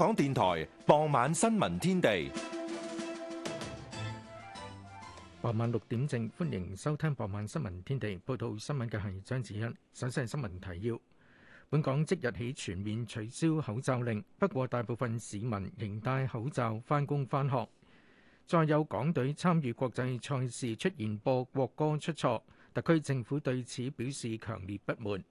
香港電台傍晚新聞天地，傍晚六點正，歡迎收聽傍晚新聞天地。報道新聞嘅係張子欣，首先係新聞提要。本港即日起全面取消口罩令，不過大部分市民仍戴口罩返工返學。再有港隊參與國際賽事，出現播國歌出錯，特區政府對此表示強烈不滿。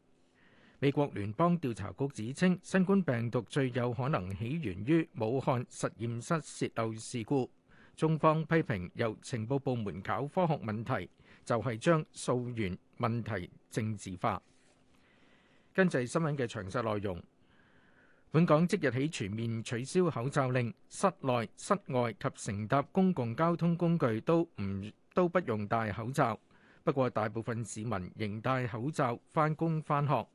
美國聯邦調查局指稱，新冠病毒最有可能起源於武漢實驗室泄漏事故。中方批評由情報部門搞科學問題，就係將溯源問題政治化。根據新聞嘅詳細內容。本港即日起全面取消口罩令，室內、室外及乘搭公共交通工具都唔都不用戴口罩。不過，大部分市民仍戴口罩返工返學。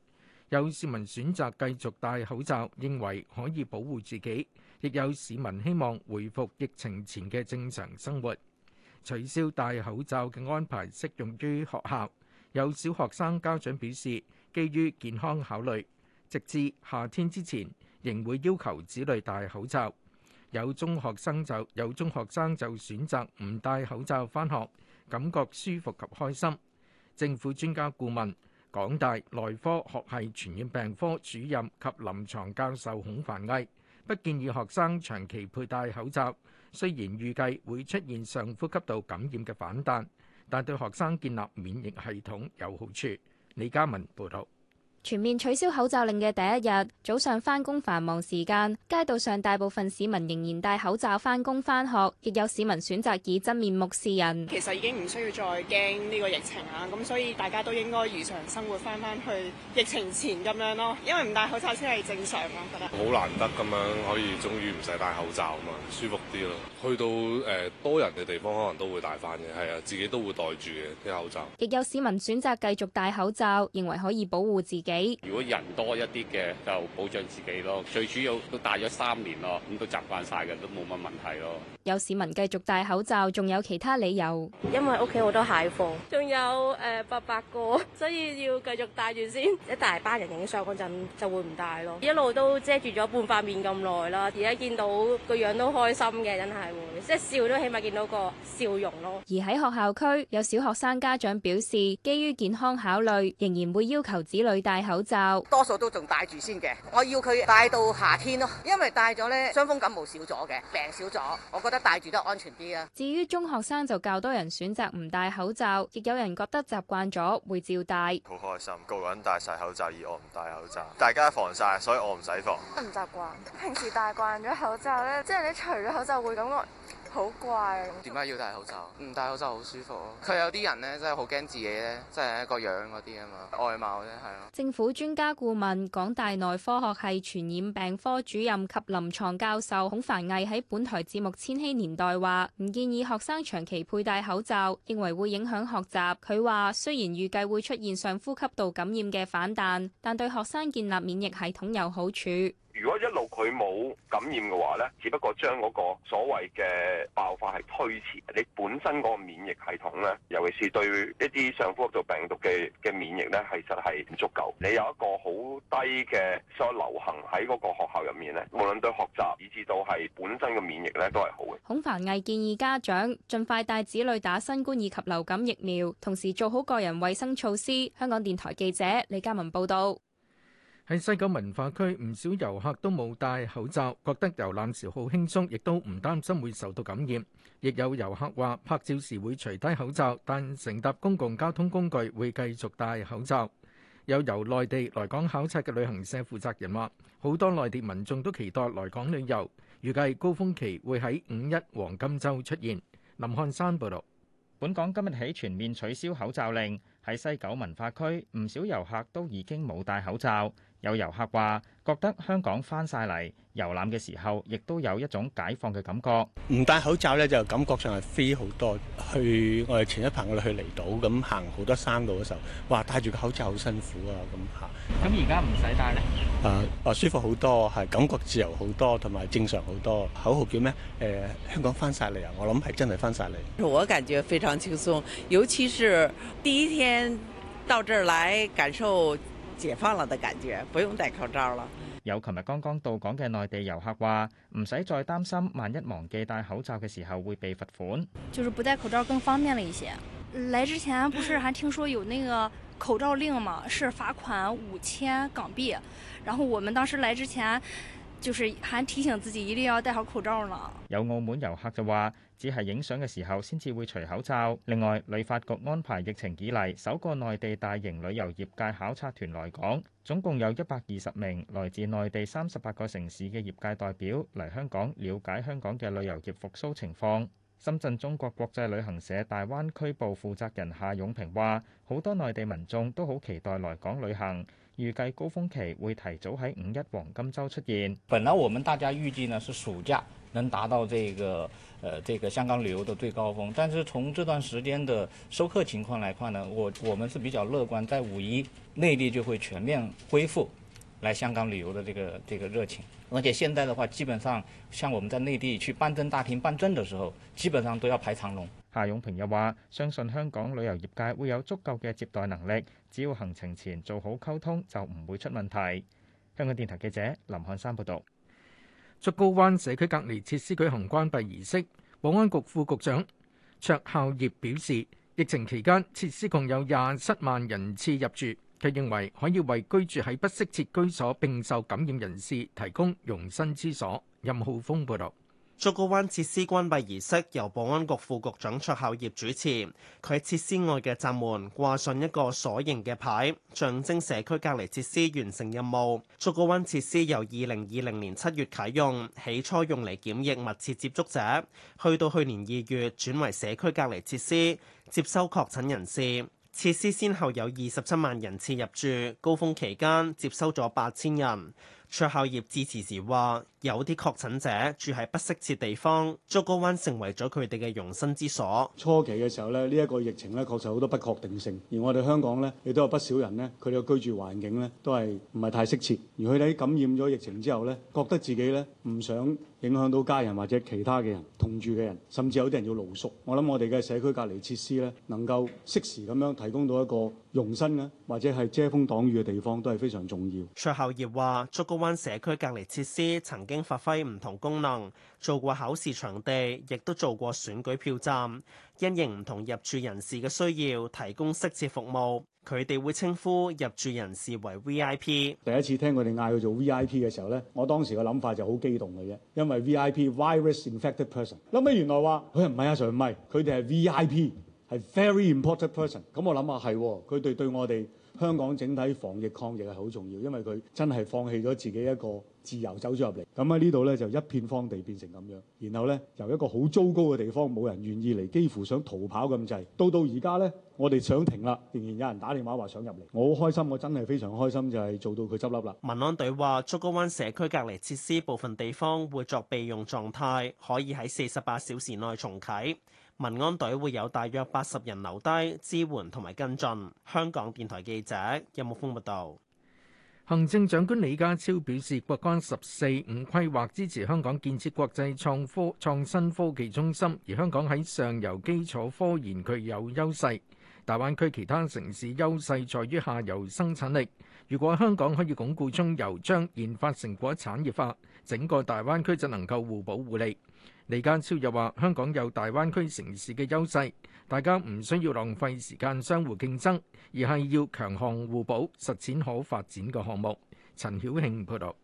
有市民選擇繼續戴口罩，認為可以保護自己；亦有市民希望回復疫情前嘅正常生活。取消戴口罩嘅安排適用於學校。有小學生家長表示，基於健康考慮，直至夏天之前仍會要求子女戴口罩。有中學生就有中學生就選擇唔戴口罩返學，感覺舒服及開心。政府專家顧問。港大內科學系傳染病科主任及臨床教授孔繁毅，不建議學生長期佩戴口罩。雖然預計會出現上呼吸道感染嘅反彈，但對學生建立免疫系統有好處。李嘉文報導。全面取消口罩令嘅第一日早上，返工繁忙時間街道上大部分市民仍然戴口罩返工返學，亦有市民選擇以真面目示人。其實已經唔需要再驚呢個疫情啊！咁所以大家都應該如常生活翻翻去疫情前咁樣咯，因為唔戴口罩先係正常，我覺得。好難得咁樣可以終於唔使戴口罩啊嘛，舒服啲咯。去到誒、呃、多人嘅地方，可能都會戴翻嘅，係啊，自己都會戴住嘅啲口罩。亦有市民選擇繼續戴口罩，認為可以保護自己。如果人多一啲嘅，就保障自己咯。最主要都戴咗三年咯，咁都習慣晒嘅，都冇乜問題咯。有市民繼續戴口罩，仲有其他理由，因為屋企好多蟹貨，仲有誒、八百個，所以要繼續戴住先。一大班人影相嗰陣就會唔戴咯，一路都遮住咗半塊面咁耐啦。而家見到個樣都開心嘅，真係會，即係笑都起碼見到個笑容咯。而喺學校區，有小學生家長表示，基於健康考慮，仍然會要求子女戴。口罩多數都仲戴住先嘅，我要佢戴到夏天咯，因為戴咗咧，傷風感冒少咗嘅，病少咗，我覺得戴住都安全啲啊。至於中學生就較多人選擇唔戴口罩，亦有人覺得習慣咗會照戴。好開心，個人戴晒口罩，而我唔戴口罩，大家防曬，所以我唔使防。唔習慣，平時戴慣咗口罩咧，即係你除咗口罩會感覺。好怪啊，點解要戴口罩？唔戴口罩好舒服咯。佢有啲人咧，真係好驚自己咧，即係個樣嗰啲啊嘛，外貌咧係啊。政府專家顧問、港大內科學系傳染病科主任及臨床教授孔凡毅喺本台節目《千禧年代》話：唔建議學生長期佩戴口罩，認為會影響學習。佢話：雖然預計會出現上呼吸道感染嘅反彈，但對學生建立免疫系統有好處。如果一路佢冇感染嘅話，咧，只不過將嗰個所謂嘅爆發係推遲。你本身嗰個免疫系統咧，尤其是對一啲上呼吸道病毒嘅嘅免疫咧，其實，係唔足夠，你有一個好低嘅所流行喺嗰個學校入面咧，無論對學習以至到係本身嘅免疫咧，都係好嘅。孔凡毅建議家長盡快帶子女打新冠以及流感疫苗，同時做好個人衛生措施。香港電台記者李嘉文報道。喺西九文化區，唔少遊客都冇戴口罩，覺得遊覽時好輕鬆，亦都唔擔心會受到感染。亦有遊客話拍照時會除低口罩，但乘搭公共交通工具會繼續戴口罩。有由內地來港考察嘅旅行社負責人話，好多內地民眾都期待來港旅遊，預計高峰期會喺五一黃金週出現。林漢山報導。本港今日起全面取消口罩令，喺西九文化區，唔少遊客都已經冇戴口罩。有遊客話：覺得香港翻晒嚟遊覽嘅時候，亦都有一種解放嘅感覺。唔戴口罩咧，就感覺上係 free 好多。去我哋前一排我哋去離島，咁行好多山路嘅時候，哇！戴住個口罩好辛苦啊，咁、嗯、吓。咁而家唔使戴咧？誒誒、啊，舒服好多，係感覺自由好多，同埋正常好多。口號叫咩？誒、呃，香港翻晒嚟啊！我諗係真係翻晒嚟。我感覺非常輕鬆，尤其是第一天到這兒來感受。解放了的感覺，不用戴口罩了。有琴日剛剛到港嘅內地遊客話，唔使再擔心，萬一忘記戴口罩嘅時候會被罰款。就是不戴口罩更方便了一些。來之前不是還聽說有那個口罩令嘛，是罰款五千港幣。然後我們當時來之前。就是還提醒自己一定要戴好口罩呢。有澳門遊客就話，只係影相嘅時候先至會除口罩。另外，旅發局安排疫情以嚟首個內地大型旅遊業界考察團來港，總共有一百二十名來自內地三十八個城市嘅業界代表嚟香港了解香港嘅旅遊業復蘇情況。深圳中國國際旅行社大灣區部負責人夏勇平話，好多內地民眾都好期待來港旅行。預計高峰期會提早喺五一黃金周出現。本來我們大家預計呢是暑假能達到這個呃，這個香港旅遊的最高峰。但是從這段時間的收客情況來看呢，我我們是比較樂觀，在五一內地就會全面恢復來香港旅遊的這個這個熱情。而且現在的話，基本上像我們在內地去辦證大廳辦證的時候，基本上都要排長龍。夏永平又話：相信香港旅遊業界會有足夠嘅接待能力，只要行程前做好溝通，就唔會出問題。香港電台記者林漢山報導。竹篙灣社區隔離設施舉行關閉儀式，保安局副局長卓孝業表示，疫情期間設施共有廿七萬人次入住，佢認為可以為居住喺不適切居所並受感染人士提供容身之所。任浩峯報導。竹篙灣設施關閉儀式由保安局副局長卓孝業主持，佢喺設施外嘅閘門掛上一個鎖形嘅牌，象徵社區隔離設施完成任務。竹篙灣設施由二零二零年七月啟用，起初用嚟檢疫密切接觸者，去到去年二月轉為社區隔離設施，接收確診人士。設施先後有二十七萬人次入住，高峰期間接收咗八千人。卓孝業致辭時話。有啲確診者住喺不適切地方，竹篙灣成為咗佢哋嘅容身之所。初期嘅時候呢，呢、呢、一個疫情呢確實好多不確定性，而我哋香港呢，亦都有不少人呢，佢哋嘅居住環境呢，都係唔係太適切。而佢哋感染咗疫情之後呢，覺得自己呢唔想影響到家人或者其他嘅人同住嘅人，甚至有啲人要露宿。我諗我哋嘅社區隔離設施呢，能夠適時咁樣提供到一個容身嘅或者係遮風擋雨嘅地方，都係非常重要。卓孝業話：竹篙灣社區隔離設施曾經。發揮唔同功能，做過考試場地，亦都做過選舉票站，因應唔同入住人士嘅需要，提供適切服務。佢哋會稱呼入住人士為 V I P。第一次聽佢哋嗌佢做 V I P 嘅時候咧，我當時嘅諗法就好激動嘅啫，因為 V I P virus infected person。諗起原來話佢唔係阿 Sir，唔係，佢哋係 V I P，係 very important person。咁我諗下係，佢哋對我哋香港整體防疫抗疫係好重要，因為佢真係放棄咗自己一個。自由走咗入嚟，咁喺呢度呢，就一片荒地變成咁樣，然後呢，由一個好糟糕嘅地方，冇人願意嚟，幾乎想逃跑咁滯。到到而家呢，我哋想停啦，仍然有人打電話話想入嚟。我好開心，我真係非常開心，就係做到佢執笠啦。民安隊話，竹篙灣社區隔離設施部分地方會作備用狀態，可以喺四十八小時內重啟。民安隊會有大約八十人留低支援同埋跟進。香港電台記者任木風報道。有行政長官李家超表示，國家十四五規劃支持香港建設國際創科創新科技中心，而香港喺上游基礎科研具有優勢。大灣區其他城市優勢在於下游生產力。如果香港可以鞏固中游，將研發成果產業化，整個大灣區就能夠互補互利。李家超又話香港有大灣區城市嘅優勢，大家唔需要浪費時間相互競爭，而係要強項互補，實踐可發展嘅項目。陳曉慶報道。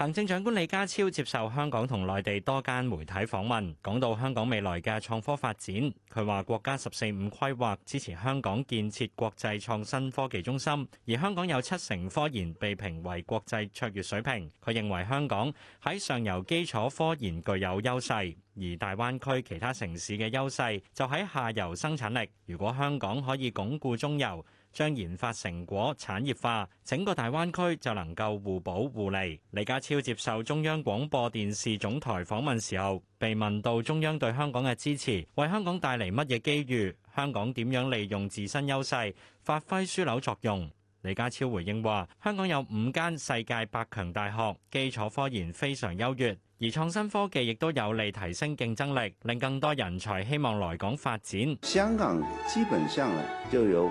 行政長官李家超接受香港同內地多間媒體訪問，講到香港未來嘅創科發展，佢話國家十四五規劃支持香港建設國際創新科技中心，而香港有七成科研被評為國際卓越水平。佢認為香港喺上游基礎科研具有優勢，而大灣區其他城市嘅優勢就喺下游生產力。如果香港可以鞏固中游，將研發成果產業化，整個大灣區就能夠互補互利。李家超接受中央廣播電視總台訪問時候，被問到中央對香港嘅支持，為香港帶嚟乜嘢機遇？香港點樣利用自身優勢，發揮樞紐作用？李家超回應話：香港有五間世界百強大學，基礎科研非常優越，而創新科技亦都有利提升競爭力，令更多人才希望來港發展。香港基本上就有。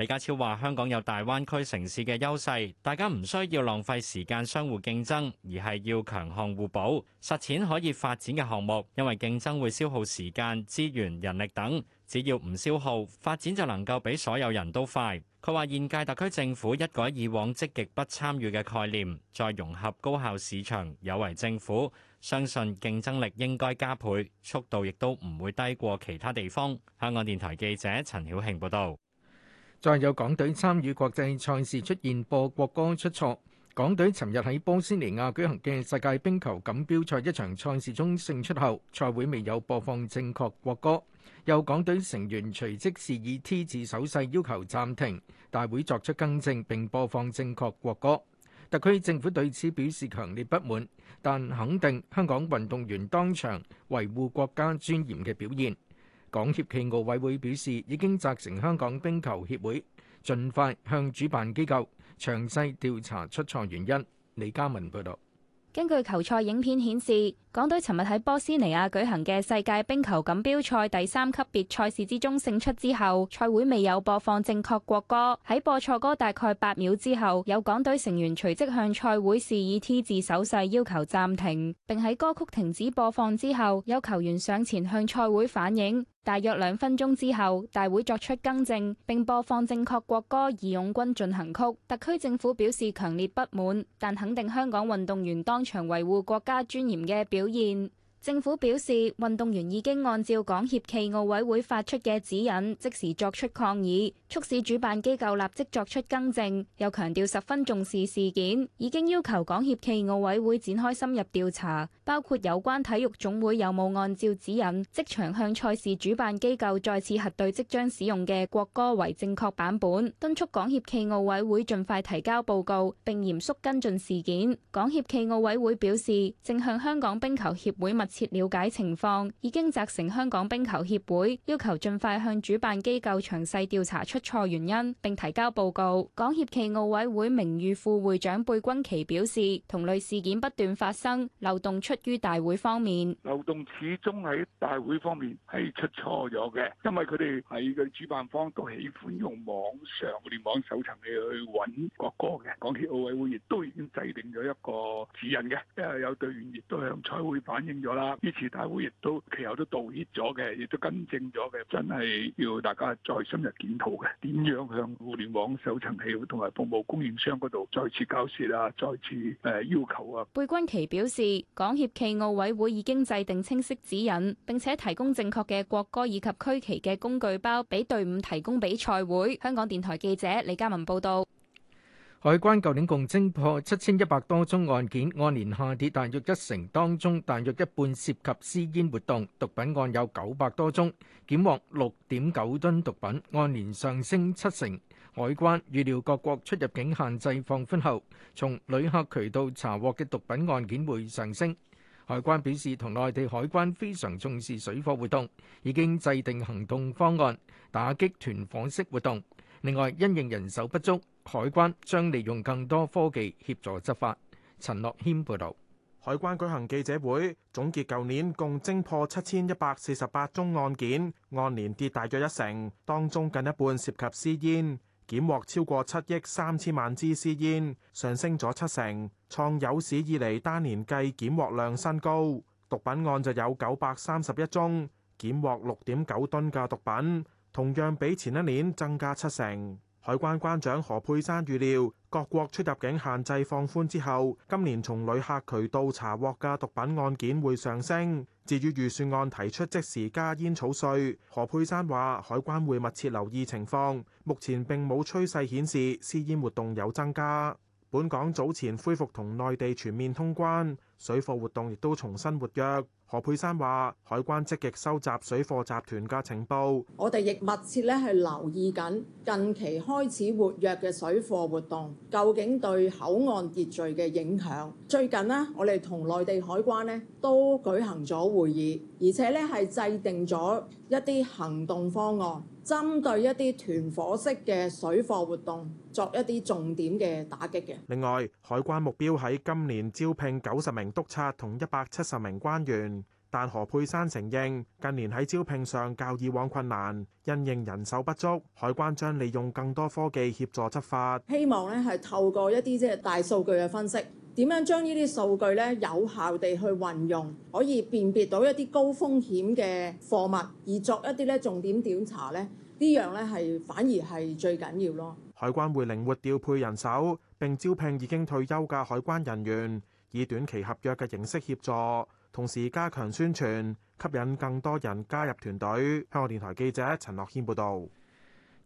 李家超話：香港有大灣區城市嘅優勢，大家唔需要浪費時間相互競爭，而係要強項互補，實踐可以發展嘅項目。因為競爭會消耗時間、資源、人力等，只要唔消耗，發展就能夠俾所有人都快。佢話：現屆特區政府一改以往積極不參與嘅概念，再融合高效市場，有為政府相信競爭力應該加倍，速度亦都唔會低過其他地方。香港電台記者陳曉慶報道。再有港隊參與國際賽事出現播國歌出錯，港隊尋日喺波斯尼亞舉行嘅世界冰球錦標賽一場賽事中勝出後，賽會未有播放正確國歌，有港隊成員隨即示意 T 字手勢要求暫停，大會作出更正並播放正確國歌。特區政府對此表示強烈不滿，但肯定香港運動員當場維護國家尊嚴嘅表現。港協暨奧委會表示，已經責成香港冰球協會盡快向主辦機構詳細調查出錯原因。李嘉文報道。根據球賽影片顯示，港隊尋日喺波斯尼亞舉行嘅世界冰球錦標賽第三級別賽事之中勝出之後，賽會未有播放正確國歌。喺播錯歌大概八秒之後，有港隊成員隨即向賽會示意 T 字手勢，要求暫停，並喺歌曲停止播放之後，有球員上前向賽會反映。大約兩分鐘之後，大會作出更正，並播放正確國歌《義勇軍進行曲》。特區政府表示強烈不滿，但肯定香港運動員當場維護國家尊嚴嘅表現。政府表示，運動員已經按照港協暨奧委會發出嘅指引，即時作出抗議，促使主辦機構立即作出更正。又強調十分重視事件，已經要求港協暨奧委會展開深入調查，包括有關體育總會有冇按照指引即場向賽事主辦機構再次核對即將使用嘅國歌為正確版本，敦促港協暨奧委會盡快提交報告並嚴肅跟進事件。港協暨奧委會表示，正向香港冰球協會密切了解情況，已經責成香港冰球協會，要求盡快向主辦機構詳細調查出錯原因，並提交報告。港協暨奧委會名譽副會長貝君奇表示，同類事件不斷發生，漏洞出於大會方面。漏洞始終喺大會方面係出錯咗嘅，因為佢哋係嘅主辦方都喜歡用網上聯網上搜尋器去揾國歌嘅。港協奧委會亦都已經製定咗一個指引嘅，因為有隊員亦都向賽會反映咗啊！呢次大會亦都其後都道歉咗嘅，亦都更正咗嘅，真係要大家再深入檢討嘅。點樣向互聯網搜尋器同埋服務供應商嗰度再次交涉啊，再次誒要求啊？貝鈞奇表示，港協暨奧委會已經制定清晰指引，並且提供正確嘅國歌以及區旗嘅工具包俾隊伍提供比賽會。香港電台記者李嘉文報道。海關舊年共偵破七千一百多宗案件，按年下跌大約一成。當中大約一半涉及私煙活動，毒品案有九百多宗，檢獲六點九噸毒品，按年上升七成。海關預料各國出入境限制放寬後，從旅客渠道查獲嘅毒品案件會上升。海關表示，同內地海關非常重視水貨活動，已經制定行動方案，打擊團伙式活動。另外，因應人手不足，海關將利用更多科技協助執法。陳樂謙報導，海關舉行記者會總結，舊年共偵破七千一百四十八宗案件，按年跌大約一成。當中近一半涉及私煙，檢獲超過七億三千萬支私煙，上升咗七成，創有史以嚟單年計檢獲量新高。毒品案就有九百三十一宗，檢獲六點九噸嘅毒品，同樣比前一年增加七成。海關關長何佩珊預料，各國出入境限制放寬之後，今年從旅客渠道查獲嘅毒品案件會上升。至於預算案提出即時加煙草稅，何佩珊話海關會密切留意情況，目前並冇趨勢顯示私煙活動有增加。本港早前恢復同內地全面通關，水貨活動亦都重新活躍。何佩珊話：海關積極收集水貨集團嘅情報，我哋亦密切咧係留意緊近期開始活躍嘅水貨活動，究竟對口岸秩序嘅影響。最近咧，我哋同內地海關咧都舉行咗會議，而且咧係制定咗一啲行動方案，針對一啲團伙式嘅水貨活動，作一啲重點嘅打擊嘅。另外，海關目標喺今年招聘九十名督察同一百七十名關員，但何佩珊承認近年喺招聘上較以往困難，因應人手不足，海關將利用更多科技協助執法。希望咧係透過一啲即係大數據嘅分析。點樣將呢啲數據咧有效地去運用，可以辨別到一啲高風險嘅貨物，而作一啲咧重點調查咧？呢樣咧係反而係最緊要咯。海關會靈活調配人手，並招聘已經退休嘅海關人員，以短期合約嘅形式協助，同時加強宣傳，吸引更多人加入團隊。香港電台記者陳樂軒報導。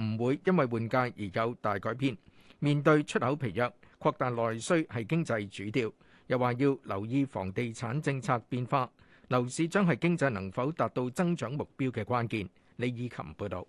唔會因為換屆而有大改變。面對出口疲弱，擴大內需係經濟主調。又話要留意房地產政策變化，樓市將係經濟能否達到增長目標嘅關鍵。李以琴報導。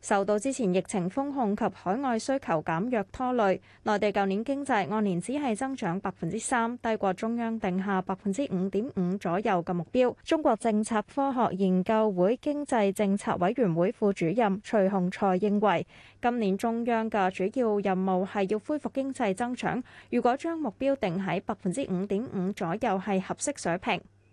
受到之前疫情風控及海外需求減弱拖累，內地舊年經濟按年只係增長百分之三，低過中央定下百分之五點五左右嘅目標。中國政策科學研究會經濟政策委員會副主任徐洪才認為，今年中央嘅主要任務係要恢復經濟增長，如果將目標定喺百分之五點五左右，係合適水平。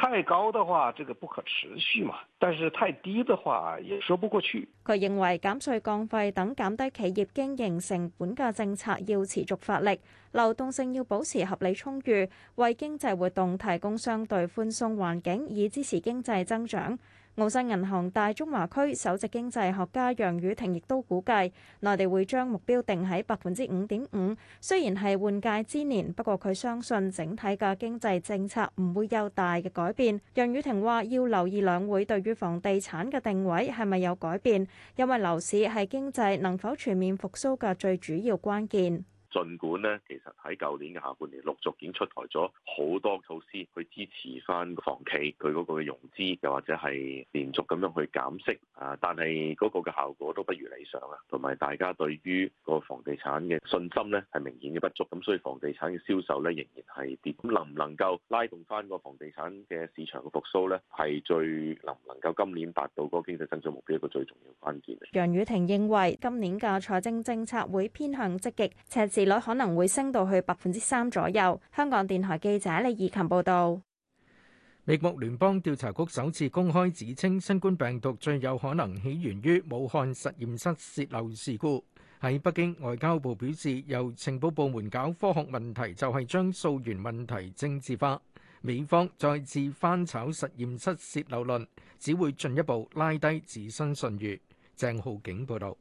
太高的話，這個不可持續嘛；但是太低的話，也說不過去。佢認為減稅降費等減低企業經營成本嘅政策要持續發力，流動性要保持合理充裕，為經濟活動提供相對寬鬆環境，以支持經濟增長。澳新銀行大中華區首席經濟學家楊宇婷亦都估計，內地會將目標定喺百分之五點五。雖然係換屆之年，不過佢相信整體嘅經濟政策唔會有大嘅改變。楊宇婷話：要留意兩會對於房地產嘅定位係咪有改變，因為樓市係經濟能否全面復甦嘅最主要關鍵。儘管咧，其實喺舊年嘅下半年，陸續已經出台咗好多措施去支持翻房企佢嗰個嘅融資，又或者係連續咁樣去減息啊，但係嗰個嘅效果都不如理想啊，同埋大家對於個房地產嘅信心咧係明顯嘅不足，咁所以房地產嘅銷售咧仍然係跌。咁能唔能夠拉動翻個房地產嘅市場嘅復甦咧，係最能唔能夠今年達到嗰經濟增長目標一個最重要關鍵。楊雨婷認為今年嘅財政政策會偏向積極，赤字利率可能會升到去百分之三左右。香港電台記者李以琴報道。美國聯邦調查局首次公開指稱，新冠病毒最有可能起源於武漢實驗室洩漏事故。喺北京，外交部表示，由情報部門搞科學問題就係將溯源問題政治化。美方再次翻炒實驗室洩漏論，只會進一步拉低自身信，信譽。鄭浩景報道。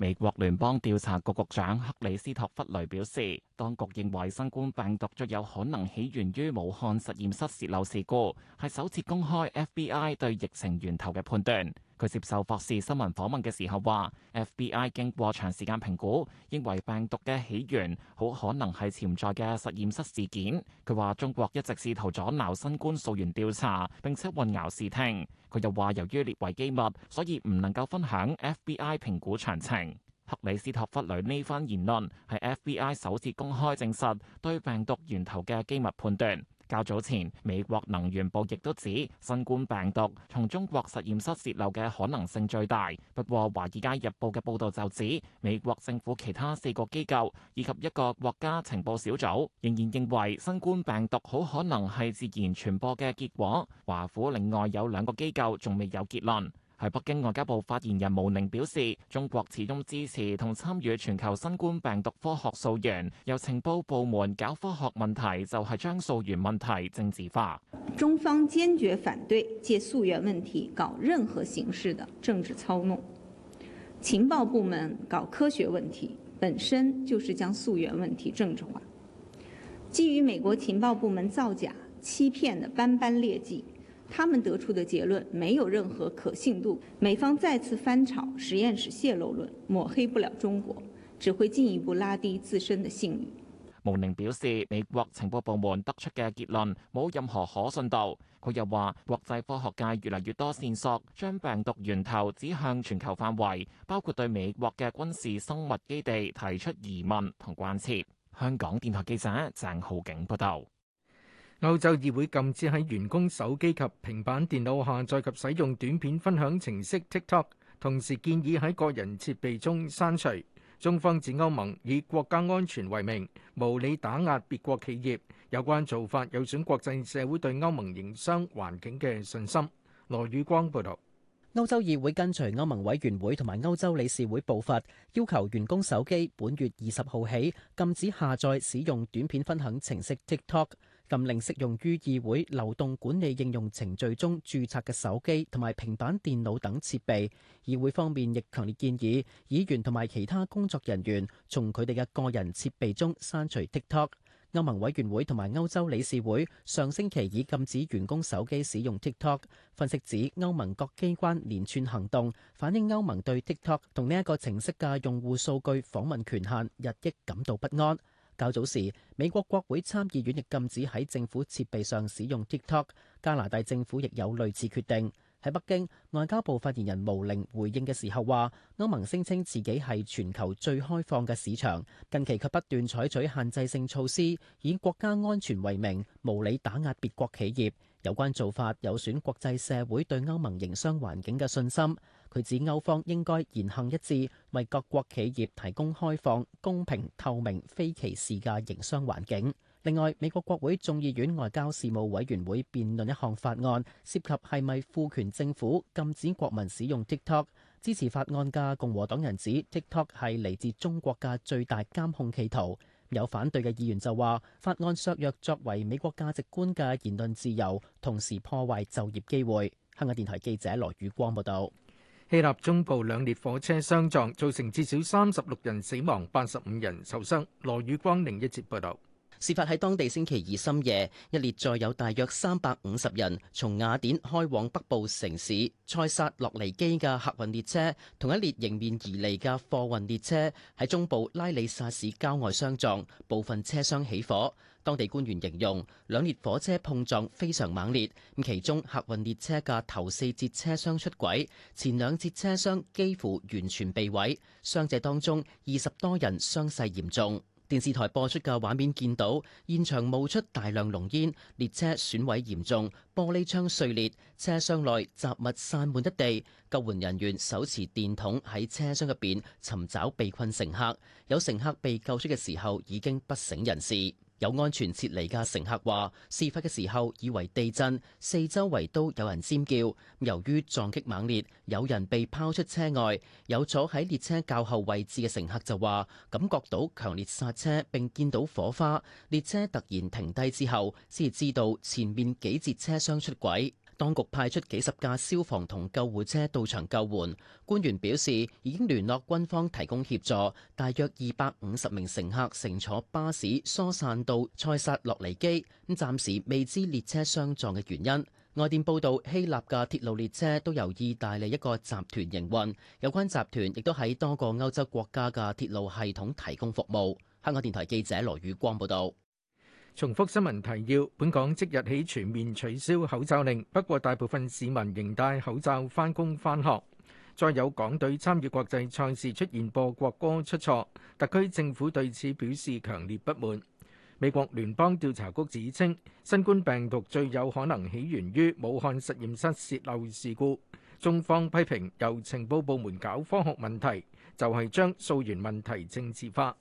美國聯邦調查局局長克里斯托弗雷表示，當局認為新冠病毒最有可能起源於武漢實驗室洩漏事故，係首次公開 FBI 對疫情源頭嘅判斷。佢接受《霍士新聞》訪問嘅時候話，FBI 經過長時間評估，認為病毒嘅起源好可能係潛在嘅實驗室事件。佢話中國一直試圖阻撓新冠溯源調查，並且混淆視聽。佢又話由於列為機密，所以唔能夠分享 FBI 評估詳情。克里斯托弗雷呢番言論係 FBI 首次公開證實對病毒源頭嘅機密判斷。較早前，美國能源部亦都指新冠病毒從中國實驗室洩漏嘅可能性最大。不過，《華爾街日報》嘅報導就指，美國政府其他四個機構以及一個國家情報小組仍然認為新冠病毒好可能係自然傳播嘅結果。華府另外有兩個機構仲未有結論。喺北京外交部發言人毛寧表示，中國始終支持同參與全球新冠病毒科學溯源，由情報部門搞科學問題就係將溯源問題政治化。中方堅決反對借溯源問題搞任何形式的政治操弄，情報部門搞科學問題本身就是將溯源問題政治化。基於美國情報部門造假、欺騙的斑斑劣跡。他們得出的結論沒有任何可信度，美方再次翻炒實驗室洩露論，抹黑不了中國，只會進一步拉低自身的信譽。毛寧表示，美國情報部門得出嘅結論冇任何可信度。佢又話，國際科學界越嚟越多線索，將病毒源頭指向全球範圍，包括對美國嘅軍事生物基地提出疑問同關切。香港電台記者鄭浩景報道。歐洲議會禁止喺員工手機及平板電腦下載及使用短片分享程式 TikTok，同時建議喺個人設備中刪除。中方指歐盟以國家安全為名，無理打壓別國企業，有關做法有損國際社會對歐盟營商環境嘅信心。羅宇光報道。歐洲議會跟隨歐盟委員會同埋歐洲理事會步伐，要求員工手機本月二十號起禁止下載使用短片分享程式 TikTok。禁令適用於議會流動管理應用程序中註冊嘅手機同埋平板電腦等設備。議會方面亦強烈建議議員同埋其他工作人員從佢哋嘅個人設備中刪除 TikTok。歐盟委員會同埋歐洲理事會上星期已禁止員工手機使用 TikTok。分析指歐盟各機關連串行動反映歐盟對 TikTok 同呢一個程式嘅用戶數據訪問權限日益感到不安。較早時，美國國會參議院亦禁止喺政府設備上使用 TikTok。加拿大政府亦有類似決定。喺北京，外交部發言人毛寧回應嘅時候話：歐盟聲稱自己係全球最開放嘅市場，近期卻不斷採取限制性措施，以國家安全為名，無理打壓別國企業。有關做法有損國際社會對歐盟營商環境嘅信心。佢指，歐方應該言行一致，為各國企業提供開放、公平、透明、非歧視嘅營商環境。另外，美國國會眾議院外交事務委員會辯論一項法案，涉及係咪賦權政府禁止國民使用 TikTok。支持法案嘅共和黨人指 TikTok 係嚟自中國嘅最大監控企圖。有反對嘅議員就話，法案削弱作為美國價值觀嘅言論自由，同時破壞就業機會。香港電台記者羅宇光報道。希臘中部兩列火車相撞，造成至少三十六人死亡、八十五人受傷。羅宇光另一節報道，事發喺當地星期二深夜，一列載有大約三百五十人從雅典開往北部城市塞薩洛尼基嘅客運列車，同一列迎面而嚟嘅貨運列車喺中部拉里薩市郊外相撞，部分車廂起火。當地官員形容兩列火車碰撞非常猛烈，咁其中客運列車嘅頭四節車廂出軌，前兩節車廂幾乎完全被毀。傷者當中二十多人傷勢嚴重。電視台播出嘅畫面見到現場冒出大量濃煙，列車損毀嚴重，玻璃窗碎裂，車廂內雜物散滿一地。救援人員手持電筒喺車廂入邊尋找被困乘客，有乘客被救出嘅時候已經不省人事。有安全撤離嘅乘客話：事發嘅時候以為地震，四周圍都有人尖叫。由於撞擊猛烈，有人被拋出車外。有坐喺列車較後位置嘅乘客就話：感覺到強烈剎車，並見到火花。列車突然停低之後，先至知道前面幾節車廂出軌。當局派出幾十架消防同救護車到場救援。官員表示，已經聯絡軍方提供協助。大約二百五十名乘客乘坐巴士疏散到塞薩洛尼基。咁暫時未知列車相撞嘅原因。外電報道，希臘嘅鐵路列車都由意大利一個集團營運。有關集團亦都喺多個歐洲國家嘅鐵路系統提供服務。香港電台記者羅宇光報道。重複新聞提要，本港即日起全面取消口罩令，不過大部分市民仍戴口罩返工返學。再有港隊參與國際賽事出現播國歌出錯，特區政府對此表示強烈不滿。美國聯邦調查局指稱新冠病毒最有可能起源於武漢實驗室泄漏事故，中方批評由情報部門搞科學問題，就係將溯源問題政治化。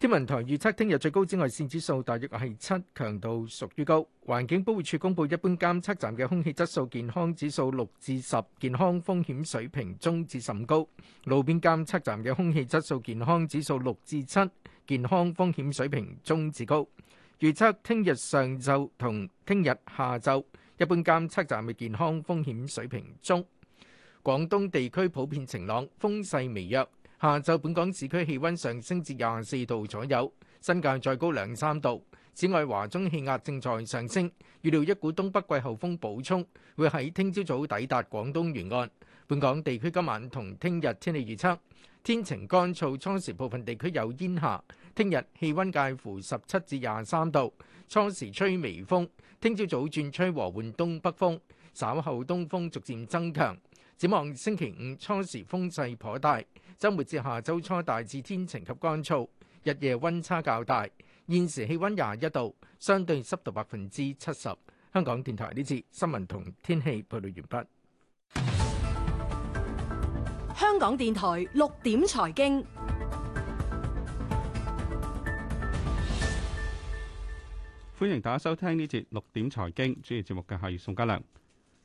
天文台預測聽日最高紫外線指數大約係七，強度屬於高。環境保護署公布一般監測站嘅空氣質素健康指數六至十，健康風險水平中至甚高。路邊監測站嘅空氣質素健康指數六至七，健康風險水平中至高。預測聽日上晝同聽日下晝，一般監測站嘅健康風險水平中。廣東地區普遍晴朗，風勢微弱。下晝本港市區氣温上升至廿四度左右，新界再高兩三度。此外，華中氣壓正在上升，預料一股東北季候風補充會喺聽朝早抵達廣東沿岸。本港地區今晚同聽日天氣預測，天晴乾燥，初時部分地區有煙霞。聽日氣温介乎十七至廿三度，初時吹微風，聽朝早轉吹和緩東北風，稍後東風逐漸增強。展望星期五初時風勢頗大。周末至下周初大致天晴及乾燥，日夜温差較大。現時氣温廿一度，相對濕度百分之七十。香港電台呢節新聞同天氣報道完畢。香港電台六點財經，歡迎大家收聽呢節六點財經，主持節目嘅係宋嘉良。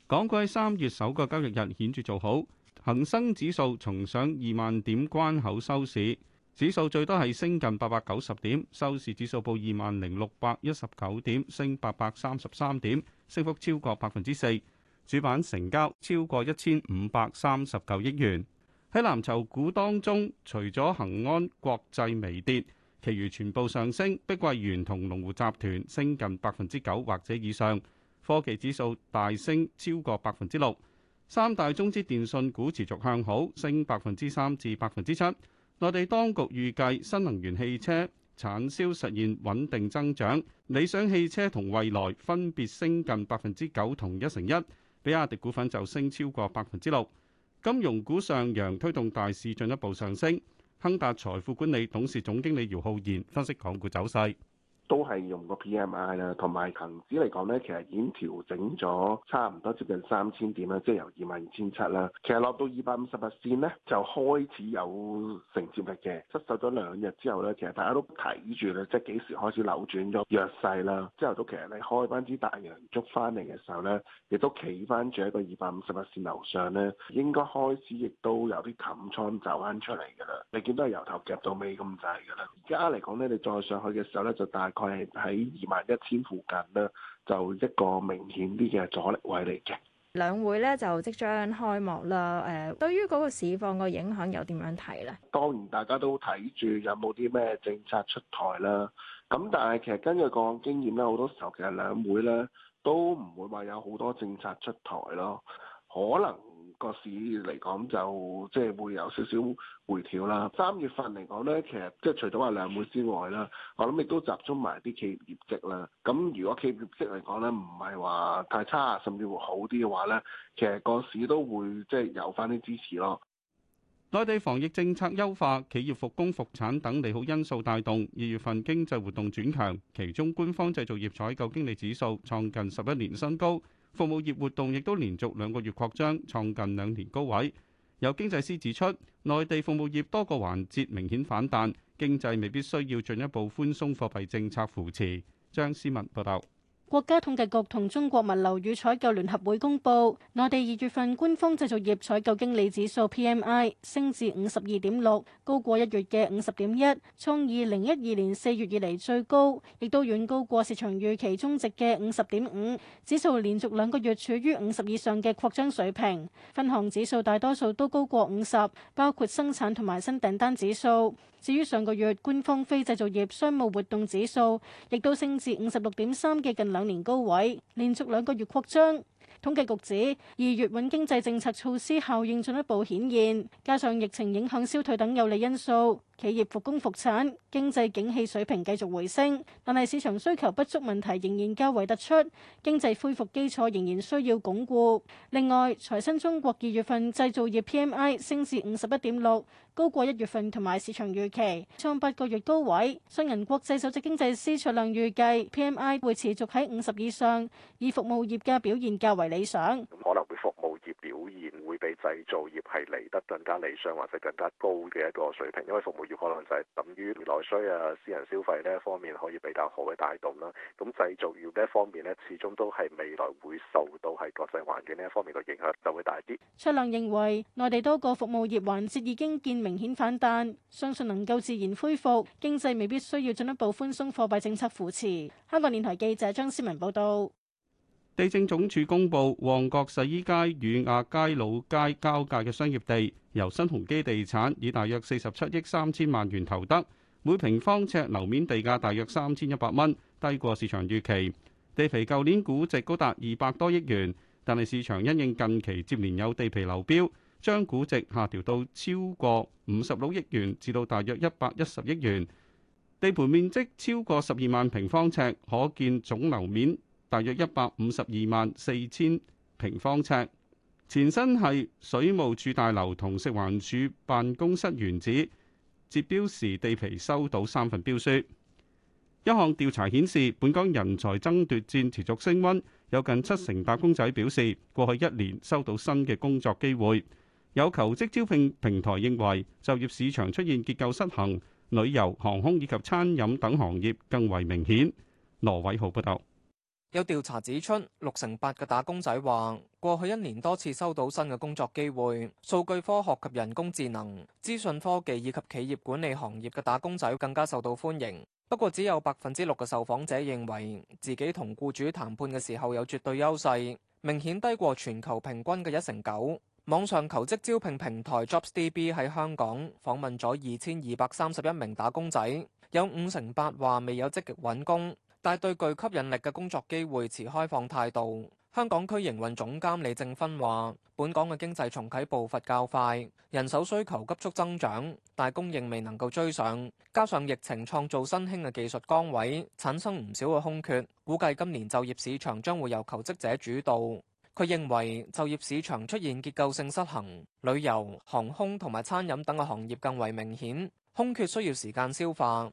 港股喺三月首個交易日顯著做好。恒生指數重上二萬點關口收市，指數最多係升近八百九十點，收市指數報二萬零六百一十九點，升八百三十三點，升幅超過百分之四。主板成交超過一千五百三十九億元。喺藍籌股當中，除咗恒安國際微跌，其餘全部上升，碧桂園同龍湖集團升近百分之九或者以上，科技指數大升超過百分之六。三大中資電信股持續向好，升百分之三至百分之七。內地當局預計，新能源汽車產銷實現穩定增長。理想汽車同蔚來分別升近百分之九同一成一，比亞迪股份就升超過百分之六。金融股上揚，推動大市進一步上升。亨達財富管理董事總經理姚浩然分析港股走勢。都係用個 PMI 啦，同埋恒指嚟講呢，其實已經調整咗差唔多接近三千點啦，即係由二萬二千七啦。其實落到二百五十日線呢，就開始有承接力嘅，失守咗兩日之後呢，其實大家都睇住啦，即係幾時開始扭轉咗弱勢啦。之後都其實你開翻支大陽燭翻嚟嘅時候呢，亦都企翻住喺個二百五十日線樓上呢，應該開始亦都有啲冚倉走翻出嚟㗎啦。你見到係由頭夾到尾咁滯㗎啦。而家嚟講呢，你再上去嘅時候呢，就帶。佢係喺二萬一千附近咧，就一個明顯啲嘅阻力位嚟嘅。兩會呢就即將開幕啦，誒、呃，對於嗰個市況個影響有點樣睇呢？當然大家都睇住有冇啲咩政策出台啦。咁但係其實根據個經驗呢，好多時候其實兩會呢都唔會話有好多政策出台咯，可能。個市嚟講就即係會有少少回調啦。三月份嚟講咧，其實即係除咗話兩會之外啦，我諗亦都集中埋啲企業業績啦。咁如果企業業績嚟講咧，唔係話太差，甚至會好啲嘅話咧，其實個市都會即係有返啲支持咯。內地防疫政策優化、企業復工復產等利好因素帶動，二月份經濟活動轉強，其中官方製造業採購經理指數創近十一年新高。服務業活動亦都連續兩個月擴張，創近兩年高位。有經濟師指出，內地服務業多個環節明顯反彈，經濟未必需要進一步寬鬆貨幣政策扶持。張思文報道。國家統計局同中國物流與採購聯合會公布，內地二月份官方製造業採購經理指數 PMI 升至五十二點六，高過一月嘅五十點一，創二零一二年四月以嚟最高，亦都遠高過市場預期中值嘅五十點五。指數連續兩個月處於五十以上嘅擴張水平，分項指數大多數都高過五十，包括生產同埋新訂單指數。至於上個月官方非製造業商務活動指數，亦都升至五十六點三嘅近兩年高位，連續兩個月擴張。統計局指，二月穩經濟政策措施效應進一步顯現，加上疫情影響消退等有利因素。企業復工復產，經濟景氣水平繼續回升，但係市場需求不足問題仍然較為突出，經濟恢復基礎仍然需要鞏固。另外，財新中國二月份製造業 PMI 升至五十一點六，高過一月份同埋市場預期，創八個月高位。信銀國際首席經濟師卓亮預計 PMI 會持續喺五十以上，以服務業嘅表現較為理想。製造業係嚟得更加理想或者更加高嘅一個水平，因為服務業可能就係等於內需啊、私人消費呢方面可以比較好嘅帶動啦。咁製造業呢一方面呢，始終都係未來會受到係國際環境呢一方面嘅影響就會大啲。卓亮認為，內地多個服務業環節已經見明顯反彈，相信能夠自然恢復，經濟未必需要進一步寬鬆貨幣政策扶持。香港電台記者張思文報道。地政總署公佈，旺角洗衣街與亞皆老街交界嘅商業地，由新鴻基地產以大約四十七億三千萬元投得，每平方尺樓面地價大約三千一百蚊，低過市場預期。地皮舊年估值高達二百多億元，但係市場因應近期接連有地皮流標，將估值下調到超過五十六億元，至到大約一百一十億元。地盤面積超過十二萬平方尺，可見總樓面。大約一百五十二萬四千平方尺，前身係水務署大樓同食環署辦公室原址。截標時，地皮收到三份標書。一項調查顯示，本港人才爭奪戰持續升溫，有近七成打工仔表示過去一年收到新嘅工作機會。有求職招聘平台認為，就業市場出現結構失衡，旅遊、航空以及餐飲等行業更為明顯。羅偉豪報道。有調查指出，六成八嘅打工仔話，過去一年多次收到新嘅工作機會。數據科學及人工智能、資訊科技以及企業管理行業嘅打工仔更加受到歡迎。不過，只有百分之六嘅受訪者認為自己同僱主談判嘅時候有絕對優勢，明顯低過全球平均嘅一成九。網上求職招聘平台 JobsDB 喺香港訪問咗二千二百三十一名打工仔，有五成八話未有積極揾工。但對具吸引力嘅工作機會持開放態度。香港區營運總監李正芬話，本港嘅經濟重啟步伐較快，人手需求急速增長，但供應未能夠追上，加上疫情創造新興嘅技術崗位，產生唔少嘅空缺。估計今年就業市場將會由求職者主導。佢認為就業市場出現結構性失衡，旅遊、航空同埋餐飲等嘅行業更為明顯，空缺需要時間消化。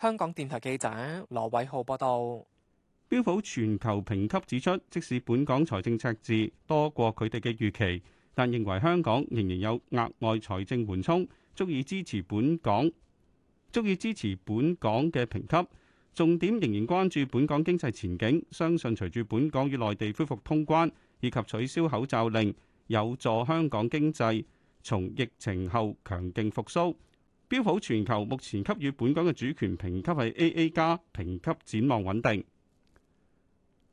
香港電台記者羅偉浩報道，標普全球評級指出，即使本港財政赤字多過佢哋嘅預期，但認為香港仍然有額外財政緩衝，足以支持本港足以支持本港嘅評級。重點仍然關注本港經濟前景，相信隨住本港與內地恢復通關以及取消口罩令，有助香港經濟從疫情後強勁復蘇。標普全球目前給予本港嘅主權評級係 AA 加，評級展望穩定。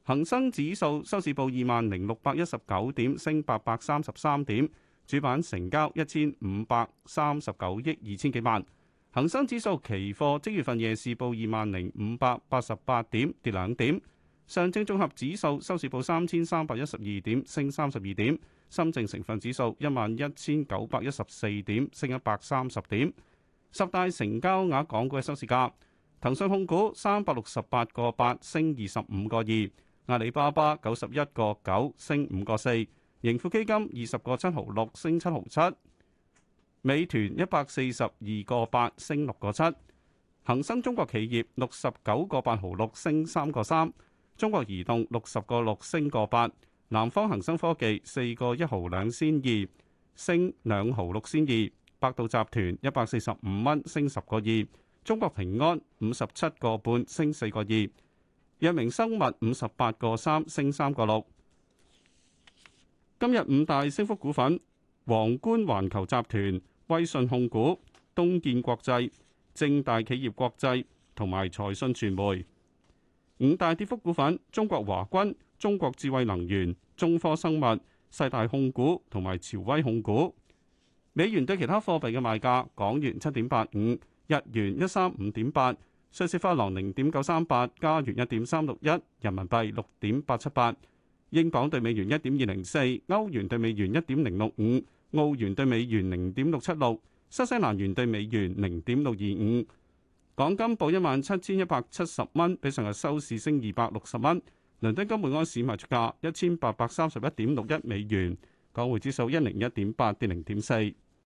恒生指數收市報二萬零六百一十九點，升八百三十三點，主板成交一千五百三十九億二千幾萬。恒生指數期貨即月份夜市報二萬零五百八十八點，跌兩點。上證綜合指數收市報三千三百一十二點，升三十二點。深證成分指數一萬一千九百一十四點，升一百三十點。十大成交額港股嘅收市價：騰訊控股三百六十八個八升二十五個二，阿里巴巴九十一個九升五個四，盈富基金二十個七毫六升七毫七，美團一百四十二個八升六個七，恒生中國企業六十九個八毫六升三個三，中國移動六十個六升個八，南方恒生科技四個一毫兩仙二升兩毫六仙二。百度集團一百四十五蚊升十個二，中國平安五十七個半升四個二，藥明生物五十八個三升三個六。今日五大升幅股份：皇冠環球集團、威信控股、東建國際、正大企業國際同埋財信傳媒。五大跌幅股份：中國華軍、中國智慧能源、中科生物、世大控股同埋潮威控股。美元對其他貨幣嘅賣價：港元七點八五，日元一三五點八，瑞士法郎零點九三八，加元一點三六一，人民幣六點八七八，英鎊對美元一點二零四，歐元對美元一點零六五，澳元對美元零點六七六，新西蘭元對美元零點六二五。港金報一萬七千一百七十蚊，比上日收市升二百六十蚊。倫敦金本安市賣出價一千八百三十一點六一美元。港匯指數一零一點八，跌零點四。